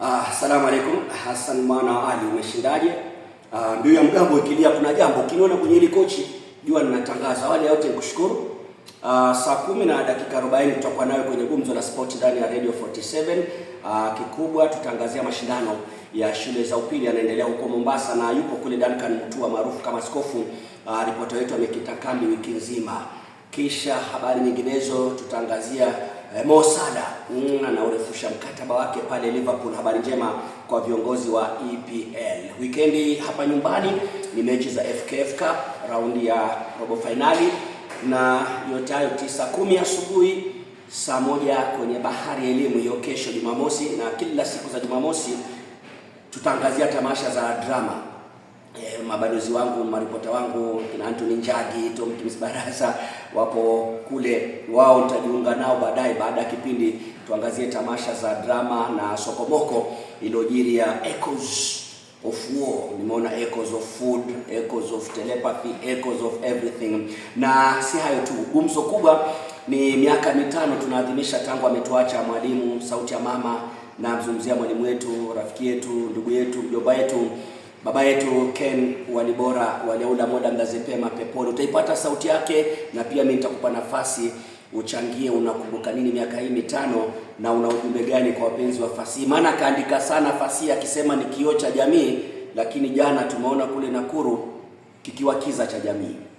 Uh, salamu alaikum Hassan Mwana Ali, umeshindaje? Ah, mbiu ya mgambo ikilia kuna jambo kiniona kwenye ile kochi jua ninatangaza. Wale wote nikushukuru. Ah, saa kumi na dakika 40 tutakuwa nayo kwenye gumzo la sport ndani ya Radio 47. Ah, kikubwa tutaangazia mashindano ya shule za upili yanaendelea huko Mombasa na yupo kule Duncan Mtua maarufu kama Skofu. Ah, ripoti yetu amekita kambi wiki nzima. Kisha habari nyinginezo tutaangazia Eh, Mo Salah mm, anaurefusha mkataba wake pale Liverpool. Habari njema kwa viongozi wa EPL. Wikendi hapa nyumbani ni mechi za FKF Cup raundi ya robo fainali, na yote hayo tisa kumi asubuhi saa moja kwenye Bahari Elimu, hiyo kesho Jumamosi, na kila siku za Jumamosi tutaangazia tamasha za drama eh, mabalozi wangu maripota wangu kina Anthony Njagi, Tom Kimis Barasa wapo kule, wao nitajiunga nao baadaye, baada ya kipindi tuangazie tamasha za drama na sokomoko iliyojiri ya Echoes of war. Nimeona echoes of food, echoes of telepathy, echoes of everything. Na si hayo tu, gumzo kubwa ni miaka mitano tunaadhimisha tangu ametuacha mwalimu Sauti ya Mama. Namzungumzia mwalimu wetu, rafiki yetu, ndugu yetu, mjomba yetu Baba yetu Ken Walibora waliaula moda ngazi pema peponi, utaipata sauti yake, na pia mimi nitakupa nafasi uchangie, unakumbuka nini miaka hii mitano na una ujumbe gani kwa wapenzi wa fasihi? Maana akaandika sana fasihi akisema ni kioo cha jamii, lakini jana tumeona kule Nakuru kikiwa kiza cha jamii.